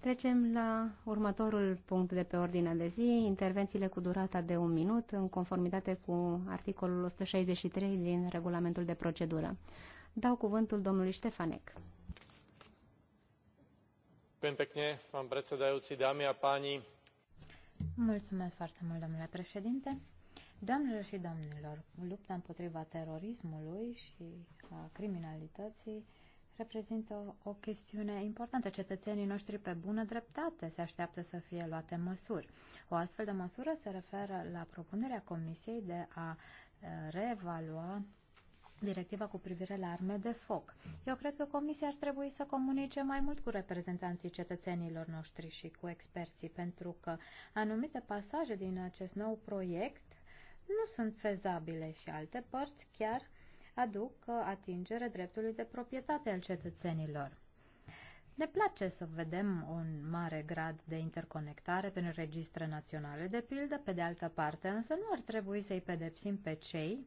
Trecem la următorul punct de pe ordinea de zi, intervențiile cu durata de un minut, în conformitate cu articolul 163 din regulamentul de procedură. Dau cuvântul domnului Ștefanec. Mulțumesc foarte mult, domnule președinte. Doamnelor și domnilor, lupta împotriva terorismului și a criminalității reprezintă o, o chestiune importantă. Cetățenii noștri pe bună dreptate se așteaptă să fie luate măsuri. O astfel de măsură se referă la propunerea Comisiei de a uh, reevalua directiva cu privire la arme de foc. Eu cred că Comisia ar trebui să comunice mai mult cu reprezentanții cetățenilor noștri și cu experții, pentru că anumite pasaje din acest nou proiect nu sunt fezabile și alte părți chiar uh, aduc uh, atingere dreptului de proprietate al cetățenilor. Ne place să vedem un mare grad de interconectare prin registre naționale, de pildă, pe de altă parte, însă nu ar trebui să-i pedepsim pe cei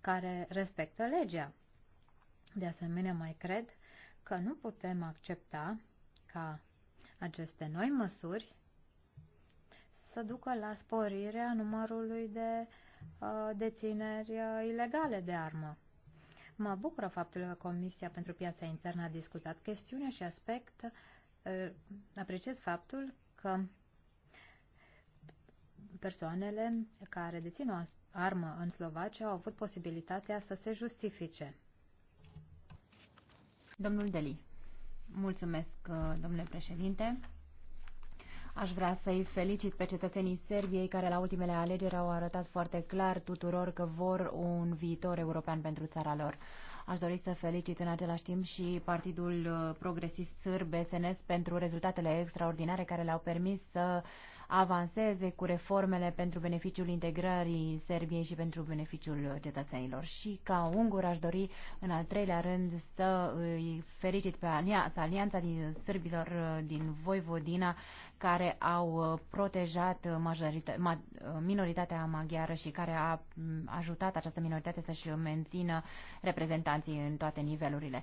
care respectă legea. De asemenea, mai cred că nu putem accepta ca aceste noi măsuri să ducă la sporirea numărului de uh, dețineri uh, ilegale de armă. Mă bucură faptul că Comisia pentru Piața Internă a discutat chestiunea și aspect. Ă, apreciez faptul că persoanele care dețin o armă în Slovacia au avut posibilitatea să se justifice. Domnul Deli. Mulțumesc, ă, domnule președinte. Aș vrea să-i felicit pe cetățenii Serbiei care la ultimele alegeri au arătat foarte clar tuturor că vor un viitor european pentru țara lor. Aș dori să felicit în același timp și Partidul Progresist Sârb, SNS, pentru rezultatele extraordinare care le-au permis să avanseze cu reformele pentru beneficiul integrării Serbiei și pentru beneficiul cetățenilor. Și ca ungur aș dori în al treilea rând să îi fericit pe alianța, alianța din sârbilor din Voivodina care au protejat minoritatea maghiară și care a ajutat această minoritate să-și mențină reprezentanții în toate nivelurile.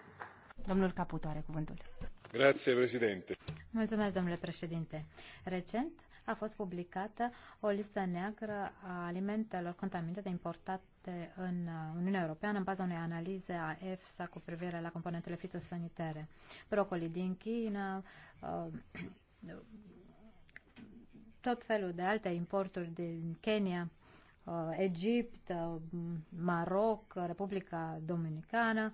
Domnul Caputo are cuvântul. Grazie, președinte. Mulțumesc, domnule președinte. Recent a fost publicată o listă neagră a alimentelor contaminate importate în Uniunea Europeană în baza unei analize a EFSA cu privire la componentele fitosanitare. Brocoli din China, uh, tot felul de alte importuri din Kenya, uh, Egipt, uh, Maroc, Republica Dominicană,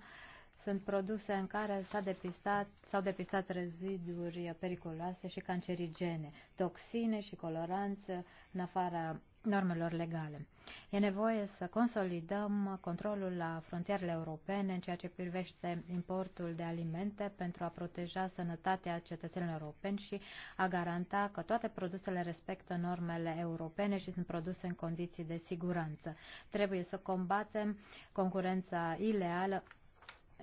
sunt produse în care s-au depistat, s-au depistat reziduri periculoase și cancerigene, toxine și coloranți în afara normelor legale. E nevoie să consolidăm controlul la frontierele europene în ceea ce privește importul de alimente pentru a proteja sănătatea cetățenilor europeni și a garanta că toate produsele respectă normele europene și sunt produse în condiții de siguranță. Trebuie să combatem concurența ileală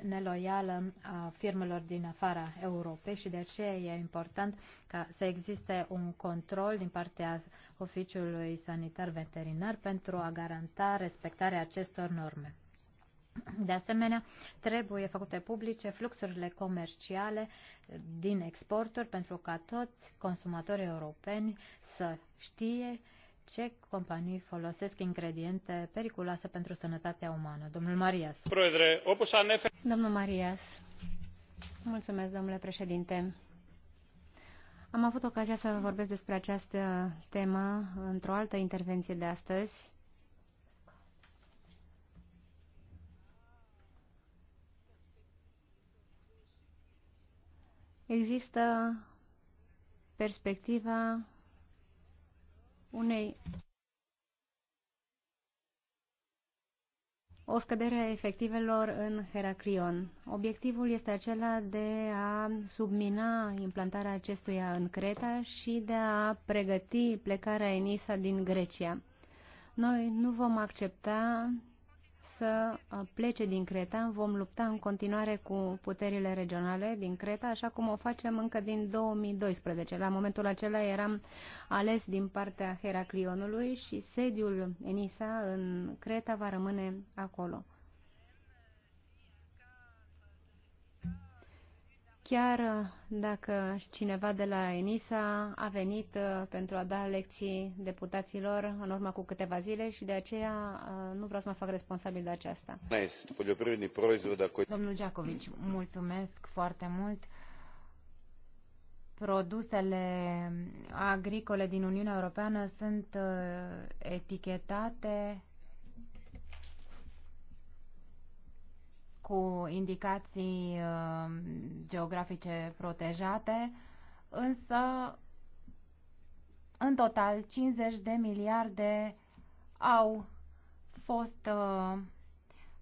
neloială a firmelor din afara Europei și de aceea e important ca să existe un control din partea Oficiului Sanitar Veterinar pentru a garanta respectarea acestor norme. De asemenea, trebuie făcute publice fluxurile comerciale din exporturi pentru ca toți consumatorii europeni să știe ce companii folosesc ingrediente periculoase pentru sănătatea umană. Domnul Marias. Domnul Marias. Mulțumesc, domnule președinte. Am avut ocazia să vorbesc despre această temă într-o altă intervenție de astăzi. Există perspectiva unei o scădere a efectivelor în Heraclion. Obiectivul este acela de a submina implantarea acestuia în Creta și de a pregăti plecarea Enisa din Grecia. Noi nu vom accepta să uh, plece din Creta. Vom lupta în continuare cu puterile regionale din Creta, așa cum o facem încă din 2012. La momentul acela eram ales din partea Heraclionului și sediul Enisa în Creta va rămâne acolo. chiar uh, dacă cineva de la ENISA a venit uh, pentru a da lecții deputaților în urmă cu câteva zile și de aceea uh, nu vreau să mă fac responsabil de aceasta. Domnul Giacovici, mulțumesc foarte mult. Produsele agricole din Uniunea Europeană sunt etichetate cu indicații uh, geografice protejate, însă în total 50 de miliarde au fost uh,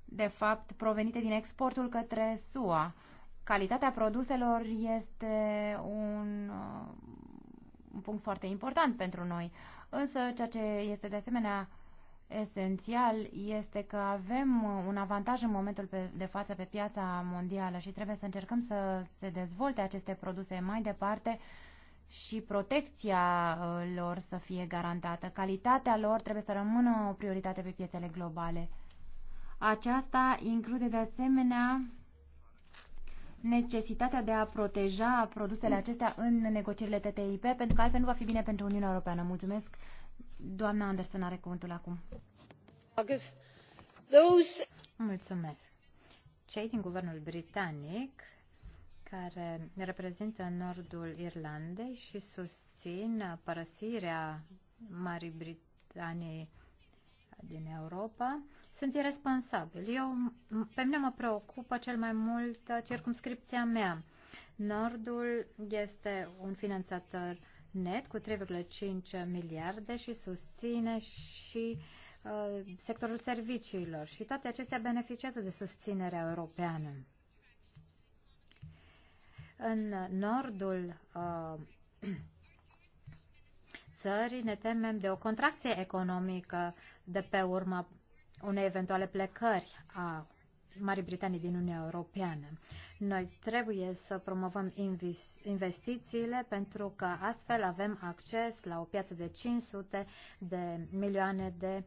de fapt provenite din exportul către SUA. Calitatea produselor este un, uh, un punct foarte important pentru noi, însă ceea ce este de asemenea esențial este că avem un avantaj în momentul de față pe piața mondială și trebuie să încercăm să se dezvolte aceste produse mai departe și protecția uh, lor să fie garantată. Calitatea lor trebuie să rămână o prioritate pe piețele globale. Aceasta include de asemenea necesitatea de a proteja produsele acestea în negocierile TTIP, pentru că altfel nu va fi bine pentru Uniunea Europeană. Mulțumesc! Doamna Anderson are cuvântul acum. Those... Mulțumesc. Cei din guvernul britanic care reprezintă nordul Irlandei și susțin părăsirea Marii Britanii din Europa, sunt irresponsabili. Eu, pe mine mă preocupă cel mai mult circumscripția mea. Nordul este un finanțator net cu 3,5 miliarde și susține și uh, sectorul serviciilor și toate acestea beneficiază de susținerea europeană. În nordul uh, țării ne temem de o contracție economică de pe urma unei eventuale plecări a Marii Britanii din Uniunea Europeană. Noi trebuie să promovăm investițiile pentru că astfel avem acces la o piață de 500 de milioane de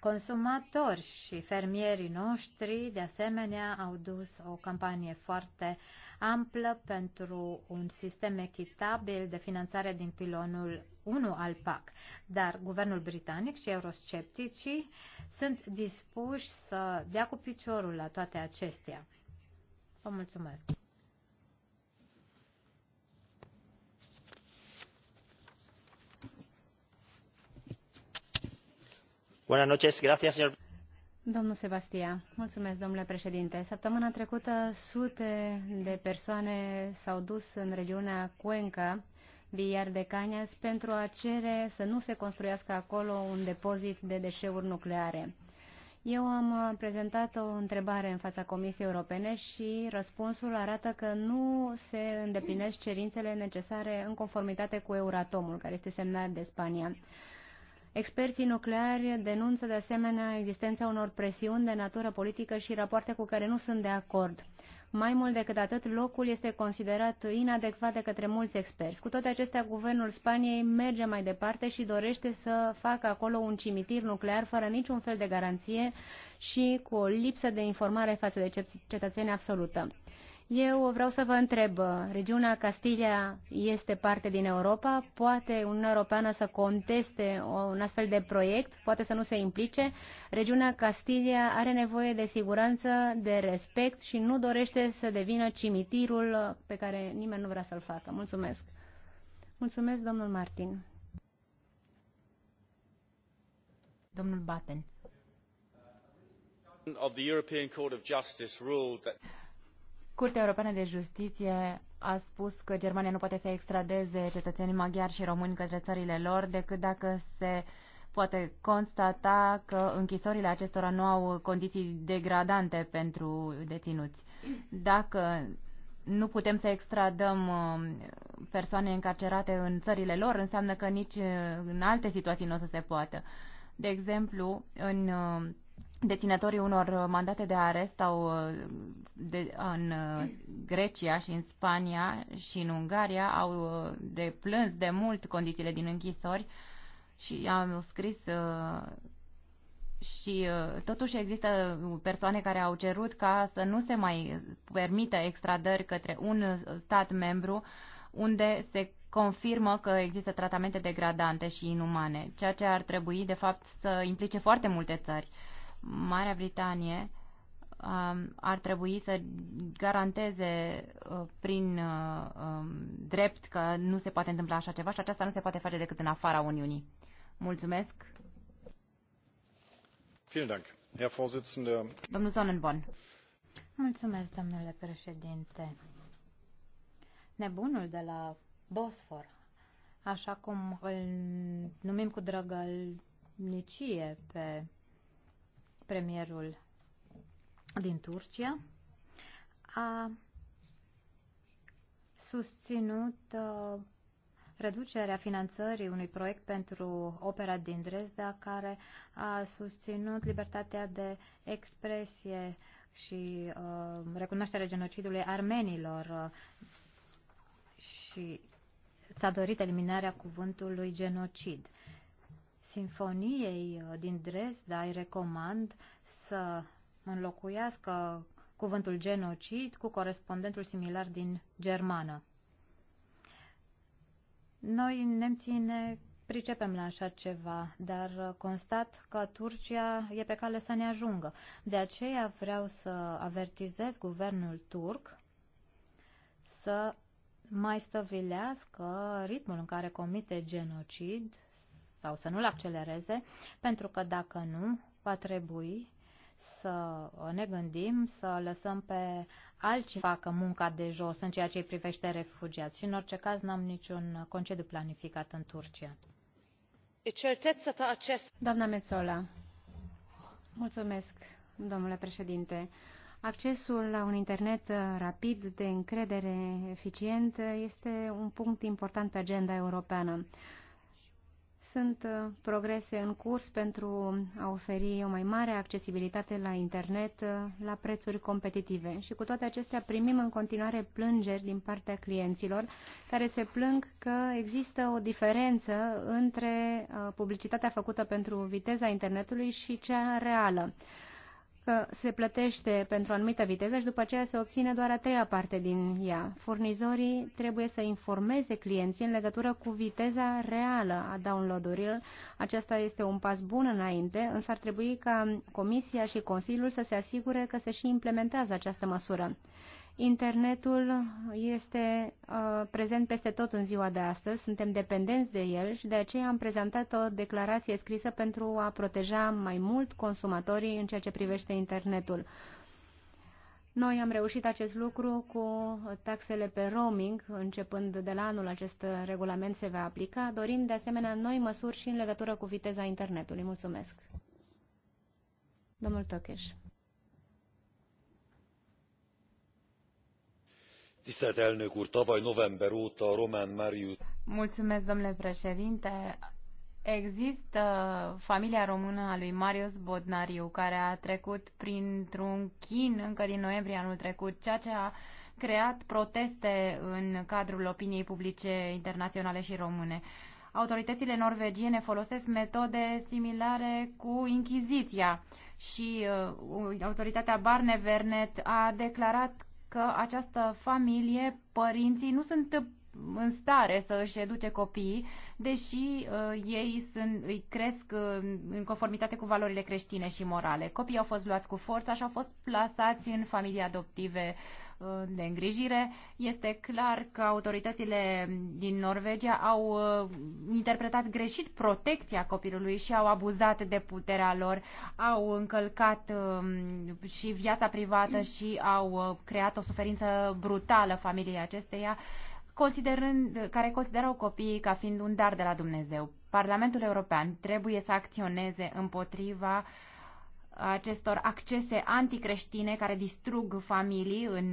consumatori și fermierii noștri, de asemenea, au dus o campanie foarte amplă pentru un sistem echitabil de finanțare din pilonul 1 al PAC. Dar guvernul britanic și euroscepticii sunt dispuși să dea cu piciorul la toate acestea. Vă mulțumesc! Domnul Sebastia, mulțumesc, domnule președinte. Săptămâna trecută, sute de persoane s-au dus în regiunea Cuenca, Villar de Cañas, pentru a cere să nu se construiască acolo un depozit de deșeuri nucleare. Eu am prezentat o întrebare în fața Comisiei Europene și răspunsul arată că nu se îndeplinesc cerințele necesare în conformitate cu Euratomul, care este semnat de Spania. Experții nucleari denunță de asemenea existența unor presiuni de natură politică și rapoarte cu care nu sunt de acord. Mai mult decât atât, locul este considerat inadecvat de către mulți experți. Cu toate acestea, guvernul Spaniei merge mai departe și dorește să facă acolo un cimitir nuclear fără niciun fel de garanție și cu o lipsă de informare față de cetățenii absolută. Eu vreau să vă întreb, regiunea Castilia este parte din Europa? Poate Uniunea Europeană să conteste un astfel de proiect? Poate să nu se implice? Regiunea Castilia are nevoie de siguranță, de respect și nu dorește să devină cimitirul pe care nimeni nu vrea să-l facă. Mulțumesc! Mulțumesc, domnul Martin. Domnul Baten. Curtea Europeană de Justiție a spus că Germania nu poate să extradeze cetățenii maghiari și români către țările lor decât dacă se poate constata că închisorile acestora nu au condiții degradante pentru deținuți. Dacă nu putem să extradăm um, persoane încarcerate în țările lor, înseamnă că nici uh, în alte situații nu o să se poată. De exemplu, în um, deținătorii unor mandate de arest au, de, în uh, Grecia și în Spania și în Ungaria au uh, deplâns de mult condițiile din închisori și am scris uh, și totuși există persoane care au cerut ca să nu se mai permită extradări către un stat membru unde se confirmă că există tratamente degradante și inumane, ceea ce ar trebui de fapt să implice foarte multe țări. Marea Britanie um, ar trebui să garanteze uh, prin uh, um, drept că nu se poate întâmpla așa ceva și aceasta nu se poate face decât în afara Uniunii. Mulțumesc. Domnul Sonnenborn. Mulțumesc, domnule președinte. Nebunul de la Bosfor, așa cum îl numim cu drăgălnicie pe premierul din Turcia, a susținut uh, reducerea finanțării unui proiect pentru opera din Dresda, care a susținut libertatea de expresie și uh, recunoașterea genocidului armenilor uh, și s-a dorit eliminarea cuvântului genocid. Sinfoniei uh, din Dresda îi recomand să înlocuiască cuvântul genocid cu corespondentul similar din germană. Noi, nemții, ne pricepem la așa ceva, dar uh, constat că Turcia e pe cale să ne ajungă. De aceea vreau să avertizez guvernul turc să mai stăvilească ritmul în care comite genocid sau să nu-l accelereze, pentru că dacă nu, va trebui să ne gândim să lăsăm pe alții facă munca de jos în ceea ce îi privește refugiați și în orice caz n-am niciun concediu planificat în Turcia. Doamna Mețola, mulțumesc, domnule președinte. Accesul la un internet rapid, de încredere, eficient, este un punct important pe agenda europeană. Sunt uh, progrese în curs pentru a oferi o mai mare accesibilitate la internet uh, la prețuri competitive și cu toate acestea primim în continuare plângeri din partea clienților care se plâng că există o diferență între uh, publicitatea făcută pentru viteza internetului și cea reală că se plătește pentru o anumită viteză și după aceea se obține doar a treia parte din ea. Furnizorii trebuie să informeze clienții în legătură cu viteza reală a downloadurilor. Aceasta este un pas bun înainte, însă ar trebui ca Comisia și Consiliul să se asigure că se și implementează această măsură. Internetul este uh, prezent peste tot în ziua de astăzi, suntem dependenți de el și de aceea am prezentat o declarație scrisă pentru a proteja mai mult consumatorii în ceea ce privește internetul. Noi am reușit acest lucru cu taxele pe roaming, începând de la anul acest regulament se va aplica. Dorim de asemenea noi măsuri și în legătură cu viteza internetului. Mulțumesc. Domnul Tocheș. tisztelt elnök úr! tavaly november óta a román Mulțumesc, domnule președinte. Există familia română a lui Marius Bodnariu, care a trecut printr-un chin încă din noiembrie anul trecut, ceea ce a creat proteste în cadrul opiniei publice internaționale și române. Autoritățile norvegiene folosesc metode similare cu Inchiziția și uh, autoritatea Barnevernet a declarat că această familie, părinții, nu sunt în stare să își educe copiii, deși uh, ei sunt, îi cresc uh, în conformitate cu valorile creștine și morale. Copiii au fost luați cu forță și au fost plasați în familii adoptive Uh, de îngrijire. Este clar că autoritățile din Norvegia au uh, interpretat greșit protecția copilului și au abuzat de puterea lor, au încălcat um, și viața privată și au uh, creat o suferință brutală familiei acesteia considerând, care considerau copiii ca fiind un dar de la Dumnezeu. Parlamentul European trebuie să acționeze împotriva uh, acestor accese anticreștine care distrug familii uh, în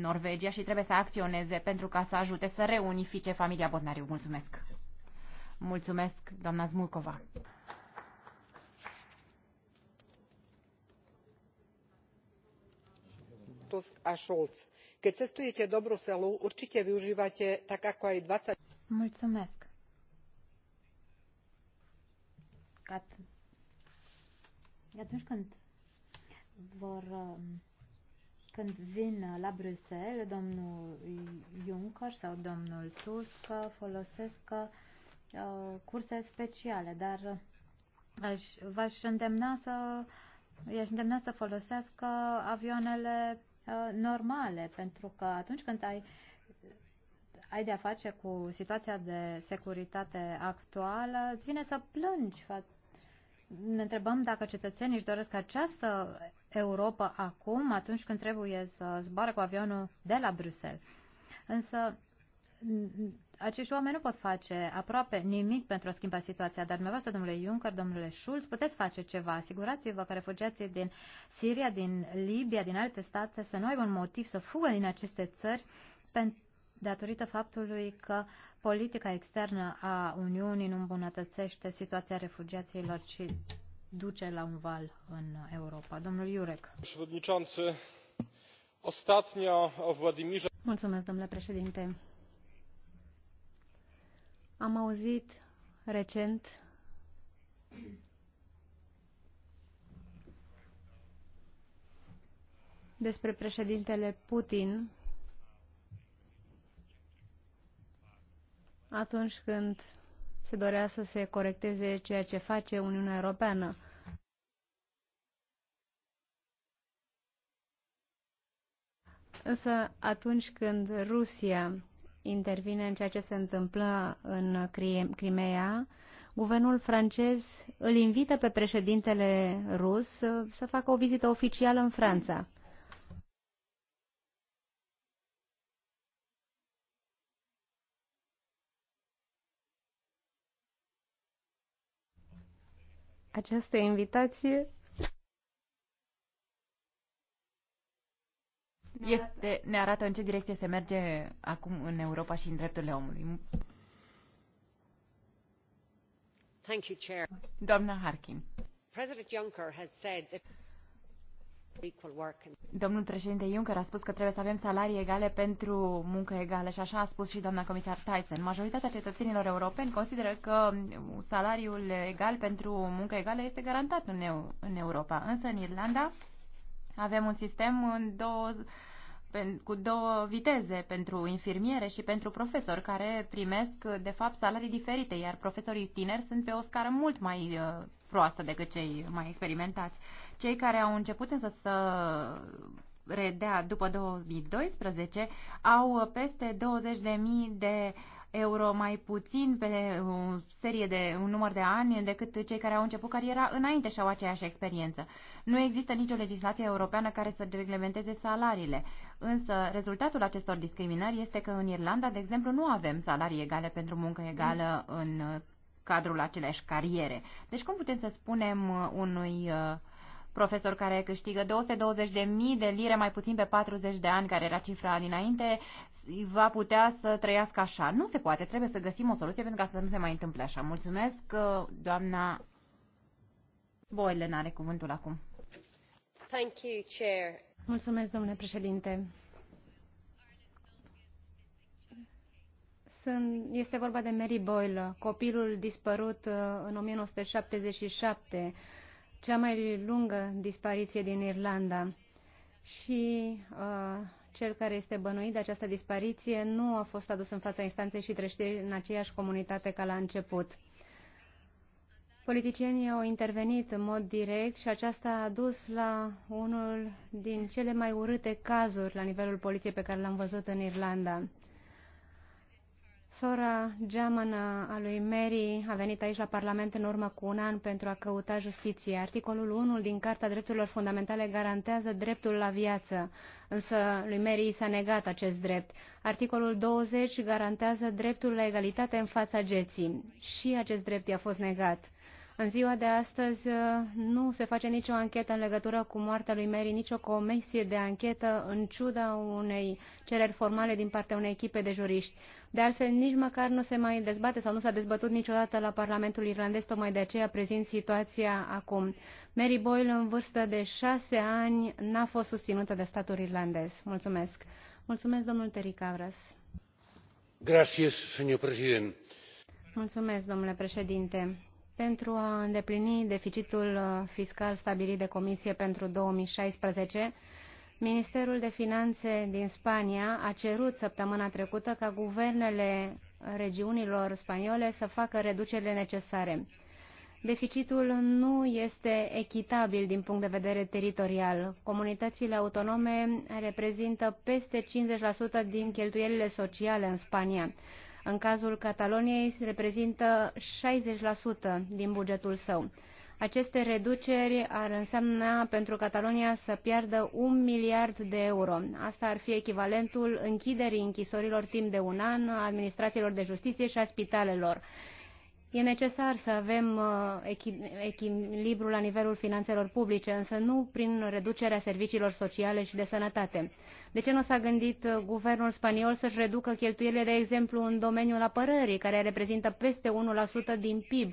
Norvegia și trebuie să acționeze pentru ca să ajute să reunifice familia Botnariu. Mulțumesc! Mulțumesc, doamna Zmulcova! Tusk a Scholz. Keď cestujete do Bruselu, určite využívate tak ako aj 20... Mulțumesc. Cat atunci când vor um, când vin la Bruxelles, domnul Juncker sau domnul Tusk folosesc uh, curse speciale, dar uh, aș, v-aș îndemna să i-aș îndemna să folosească uh, avioanele uh, normale, pentru că atunci când ai ai de-a face cu situația de securitate actuală, îți vine să plângi față ne întrebăm dacă cetățenii își doresc această Europa acum, atunci când trebuie să zboare cu avionul de la Bruxelles. Însă, acești oameni nu pot face aproape nimic pentru a schimba situația, dar dumneavoastră, domnule Juncker, domnule Schulz, puteți face ceva. Asigurați-vă că refugiații din Siria, din Libia, din alte state să nu aibă un motiv să fugă din aceste țări pentru datorită faptului că politica externă a Uniunii nu îmbunătățește situația refugiaților, ci duce la un val în Europa. Domnul Iurec. Mulțumesc, domnule președinte. Am auzit recent despre președintele Putin atunci când se dorea să se corecteze ceea ce face Uniunea Europeană. Însă atunci când Rusia intervine în ceea ce se întâmplă în Crimea, guvernul francez îl invită pe președintele rus să facă o vizită oficială în Franța. această invitație. Este, ne arată în ce direcție se merge acum în Europa și în drepturile omului. Thank you, Chair. Doamna Harkin. President Juncker has said that Domnul președinte Juncker a spus că trebuie să avem salarii egale pentru muncă egală și așa a spus și doamna comisar Tyson. Majoritatea cetățenilor europeni consideră că salariul egal pentru muncă egală este garantat în, EU, în Europa. Însă în Irlanda avem un sistem în două, cu două viteze pentru infirmiere și pentru profesori care primesc de fapt salarii diferite, iar profesorii tineri sunt pe o scară mult mai uh, proastă decât cei mai experimentați. Cei care au început însă să redea după 2012 au peste 20.000 de euro mai puțin pe o serie de un număr de ani decât cei care au început cariera înainte și au aceeași experiență. Nu există nicio legislație europeană care să reglementeze salariile, însă rezultatul acestor discriminări este că în Irlanda, de exemplu, nu avem salarii egale pentru muncă egală în cadrul aceleași cariere. Deci cum putem să spunem uh, unui uh, profesor care câștigă 220.000 de lire mai puțin pe 40 de ani, care era cifra dinainte, va putea să trăiască așa. Nu se poate, trebuie să găsim o soluție pentru ca să nu se mai întâmple așa. Mulțumesc, uh, doamna Boylen are cuvântul acum. Thank you, Chair. Mulțumesc, domnule președinte. sunt, este vorba de Mary Boyle, copilul dispărut uh, în 1977, cea mai lungă dispariție din Irlanda. Și uh, cel care este bănuit de această dispariție nu a fost adus în fața instanței și trește în aceeași comunitate ca la început. Politicienii au intervenit în mod direct și aceasta a dus la unul din cele mai urâte cazuri la nivelul poliției pe care l-am văzut în Irlanda. Sora geamănă a lui Mary a venit aici la Parlament în urmă cu un an pentru a căuta justiție. Articolul 1 din Carta Drepturilor Fundamentale garantează dreptul la viață, însă lui Mary s-a negat acest drept. Articolul 20 garantează dreptul la egalitate în fața geții și acest drept i-a fost negat. În ziua de astăzi uh, nu se face nicio anchetă în legătură cu moartea lui Mary, nicio comisie de anchetă în ciuda unei cereri formale din partea unei echipe de juriști. De altfel, nici măcar nu se mai dezbate sau nu s-a dezbătut niciodată la Parlamentul irlandez, tocmai de aceea prezint situația acum. Mary Boyle, în vârstă de șase ani, n-a fost susținută de statul irlandez. Mulțumesc. Mulțumesc, domnul Terry Cavras. Gracias, señor president. Mulțumesc, domnule președinte pentru a îndeplini deficitul uh, fiscal stabilit de Comisie pentru 2016, Ministerul de Finanțe din Spania a cerut săptămâna trecută ca guvernele regiunilor spaniole să facă reducerile necesare. Deficitul nu este echitabil din punct de vedere teritorial. Comunitățile autonome reprezintă peste 50% din cheltuielile sociale în Spania. În cazul Cataloniei reprezintă 60% din bugetul său. Aceste reduceri ar însemna pentru Catalonia să piardă un miliard de euro. Asta ar fi echivalentul închiderii închisorilor timp de un an, a administrațiilor de justiție și a spitalelor. E necesar să avem uh, echilibru la nivelul finanțelor publice, însă nu prin reducerea serviciilor sociale și de sănătate. De ce nu s-a gândit uh, guvernul spaniol să-și reducă cheltuielile, de exemplu, în domeniul apărării, care reprezintă peste 1% din PIB?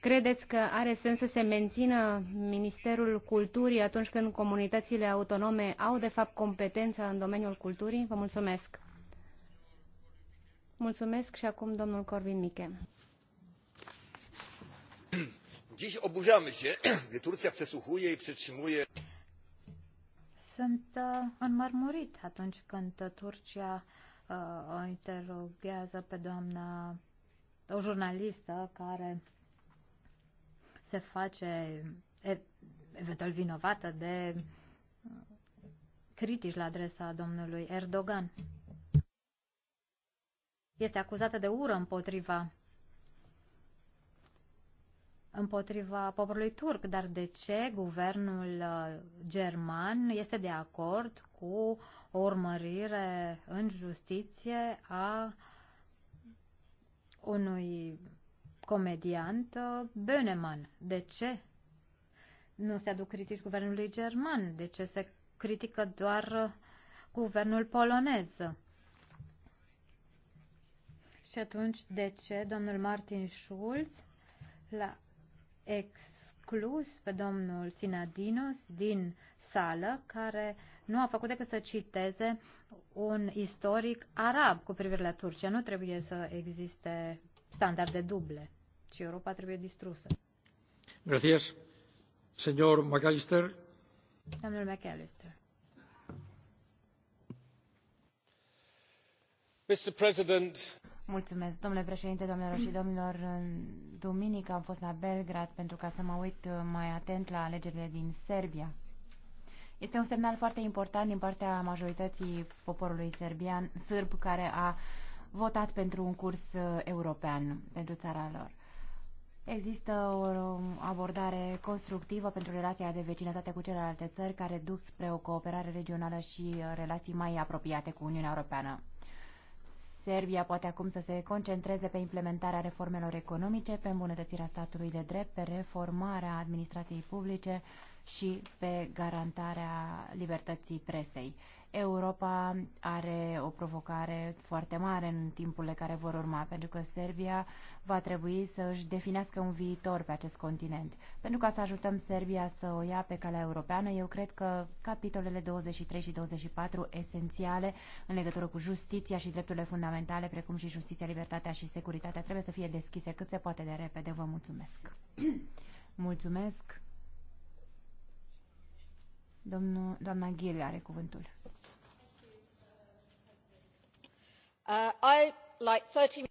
Credeți că are sens să se mențină Ministerul Culturii atunci când comunitățile autonome au, de fapt, competența în domeniul culturii? Vă mulțumesc! Mulțumesc și acum domnul Corvin Miche. Dziś oburzamy się, gdy Turcja przesłuchuje i przetrzymuje. Sunt înmărmurit atunci când Turcia o interoghează pe doamna, o jurnalistă care se face eventual vinovată de critici la adresa domnului Erdogan. Este acuzată de ură împotriva împotriva poporului turc. Dar de ce guvernul uh, german este de acord cu o urmărire în justiție a unui comediant uh, Böneman? De ce nu se aduc critici guvernului german? De ce se critică doar uh, guvernul polonez? Și atunci, de ce domnul Martin Schulz la exclus pe domnul Sinadinos din sală, care nu a făcut decât să citeze un istoric arab cu privire la Turcia. Nu trebuie să existe standarde duble, ci Europa trebuie distrusă. Gracias. Señor McAllister. Domnul McAllister. Mr. President. Mulțumesc, domnule președinte, domnilor și domnilor. În duminică am fost la Belgrad pentru ca să mă uit uh, mai atent la alegerile din Serbia. Este un semnal foarte important din partea majorității poporului serbian, sârb, care a votat pentru un curs uh, european pentru țara lor. Există o abordare constructivă pentru relația de vecinătate cu celelalte țări care duc spre o cooperare regională și uh, relații mai apropiate cu Uniunea Europeană. Serbia poate acum să se concentreze pe implementarea reformelor economice, pe îmbunătățirea statului de drept, pe reformarea administrației publice și pe garantarea libertății presei. Europa are o provocare foarte mare în timpurile care vor urma, pentru că Serbia va trebui să își definească un viitor pe acest continent. Pentru ca să ajutăm Serbia să o ia pe calea europeană, eu cred că capitolele 23 și 24 esențiale în legătură cu justiția și drepturile fundamentale, precum și justiția, libertatea și securitatea, trebuie să fie deschise cât se poate de repede. Vă mulțumesc! mulțumesc! Domnul, doamna Ghiri are cuvântul. Uh,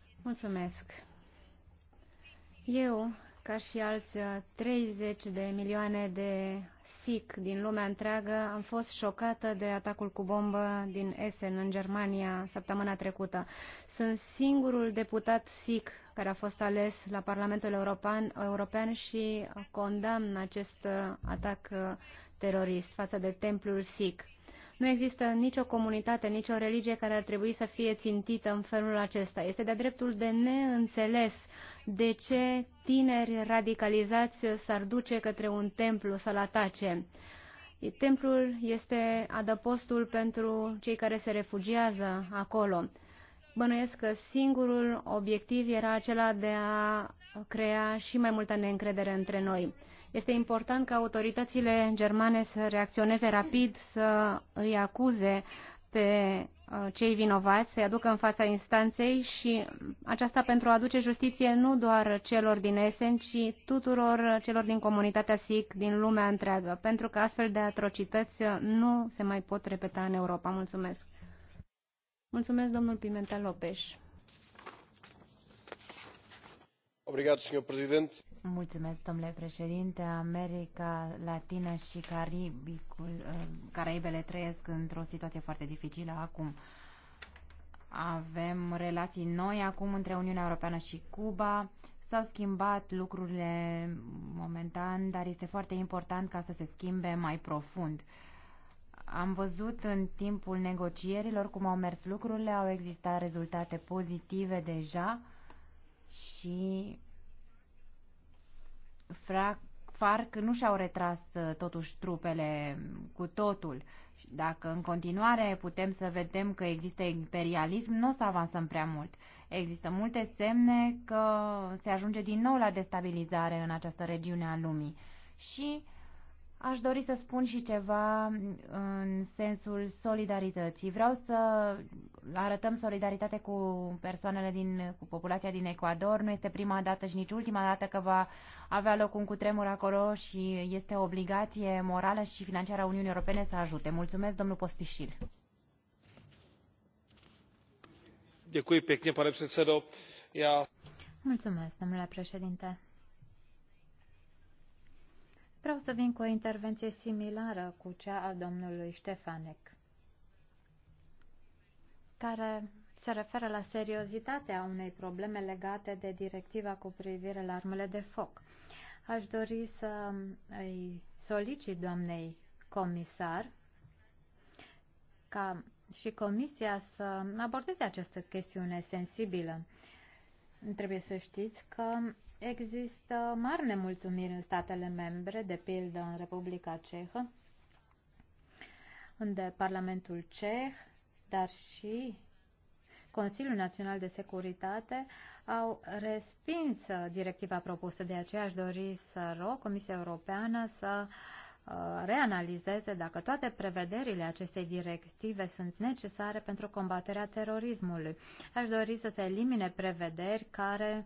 Eu, ca și alți 30 uh, de milioane de sikh din lumea întreagă, am fost șocată de atacul cu bombă din Essen, în Germania, săptămâna trecută. Sunt singurul deputat sikh care a fost ales la Parlamentul European, European și condamn acest uh, atac terorist față de templul sikh. Nu există nicio comunitate, nicio religie care ar trebui să fie țintită în felul acesta. Este de-a dreptul de neînțeles de ce tineri radicalizați s-ar duce către un templu să-l atace. Templul este adăpostul pentru cei care se refugiază acolo. Bănuiesc că singurul obiectiv era acela de a crea și mai multă neîncredere între noi. Este important ca autoritățile germane să reacționeze rapid, să îi acuze pe uh, cei vinovați, să-i aducă în fața instanței și aceasta pentru a aduce justiție nu doar celor din Essen, ci tuturor celor din comunitatea SIC din lumea întreagă, pentru că astfel de atrocități nu se mai pot repeta în Europa. Mulțumesc! Mulțumesc, domnul Pimentel Lopez. Obrigado, senhor presidente. Mulțumesc, domnule președinte. America Latina și Caribicul, uh, Caraibele trăiesc într-o situație foarte dificilă acum. Avem relații noi acum între Uniunea Europeană și Cuba. S-au schimbat lucrurile momentan, dar este foarte important ca să se schimbe mai profund. Am văzut în timpul negocierilor cum au mers lucrurile, au existat rezultate pozitive deja și FARC nu și-au retras uh, totuși trupele cu totul. Dacă în continuare putem să vedem că există imperialism, nu o să avansăm prea mult. Există multe semne că se ajunge din nou la destabilizare în această regiune a lumii. Și uh, Aș dori să spun și ceva în sensul solidarității. Vreau să arătăm solidaritate cu persoanele din, cu populația din Ecuador. Nu este prima dată și nici ultima dată că va avea loc un cutremur acolo și este o obligație morală și financiară a Uniunii Europene să ajute. Mulțumesc, domnul Pospișil. Mulțumesc, domnule președinte Vreau să vin cu o intervenție similară cu cea a domnului Ștefanec, care se referă la seriozitatea unei probleme legate de directiva cu privire la armele de foc. Aș dori să îi solicit doamnei comisar ca și comisia să abordeze această chestiune sensibilă. Trebuie să știți că Există mari nemulțumiri în statele membre, de pildă în Republica Cehă, unde Parlamentul Ceh, dar și Consiliul Național de Securitate au respins directiva propusă. De aceea aș dori să rog Comisia Europeană să uh, reanalizeze dacă toate prevederile acestei directive sunt necesare pentru combaterea terorismului. Aș dori să se elimine prevederi care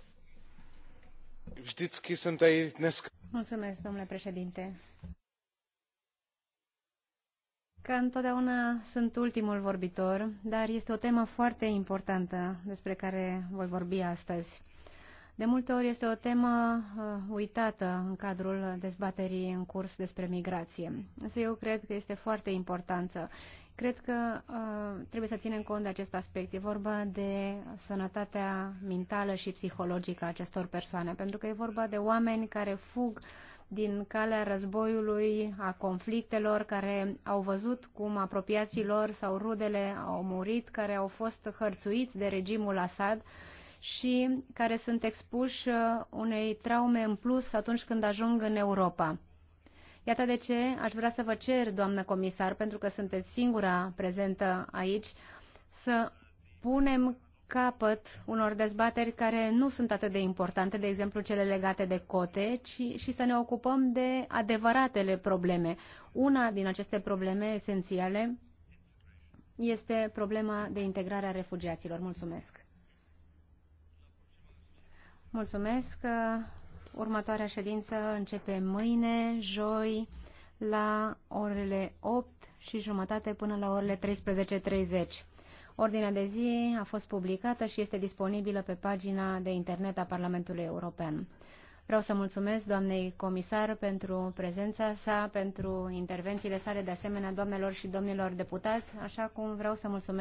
Vždycky jsem tady dnes... Mulțumesc, domnule președinte. Ca întotdeauna sunt ultimul vorbitor, dar este o temă foarte importantă despre care voi vorbi astăzi. De multe ori este o temă uh, uitată în cadrul dezbaterii în curs despre migrație. Însă eu cred că este foarte importantă. Cred că uh, trebuie să ținem cont de acest aspect. E vorba de sănătatea mentală și psihologică a acestor persoane, pentru că e vorba de oameni care fug din calea războiului, a conflictelor, care au văzut cum apropiații lor sau rudele au murit, care au fost hărțuiți de regimul Assad și care sunt expuși uh, unei traume în plus atunci când ajung în Europa. Iată de ce aș vrea să vă cer, doamnă comisar, pentru că sunteți singura prezentă aici, să punem capăt unor dezbateri care nu sunt atât de importante, de exemplu cele legate de cote, ci, și să ne ocupăm de adevăratele probleme. Una din aceste probleme esențiale este problema de integrare a refugiaților. Mulțumesc! Mulțumesc! Următoarea ședință începe mâine, joi, la orele 8 și jumătate până la orele 13.30. Ordinea de zi a fost publicată și este disponibilă pe pagina de internet a Parlamentului European. Vreau să mulțumesc doamnei comisar pentru prezența sa, pentru intervențiile sale, de asemenea doamnelor și domnilor deputați, așa cum vreau să mulțumesc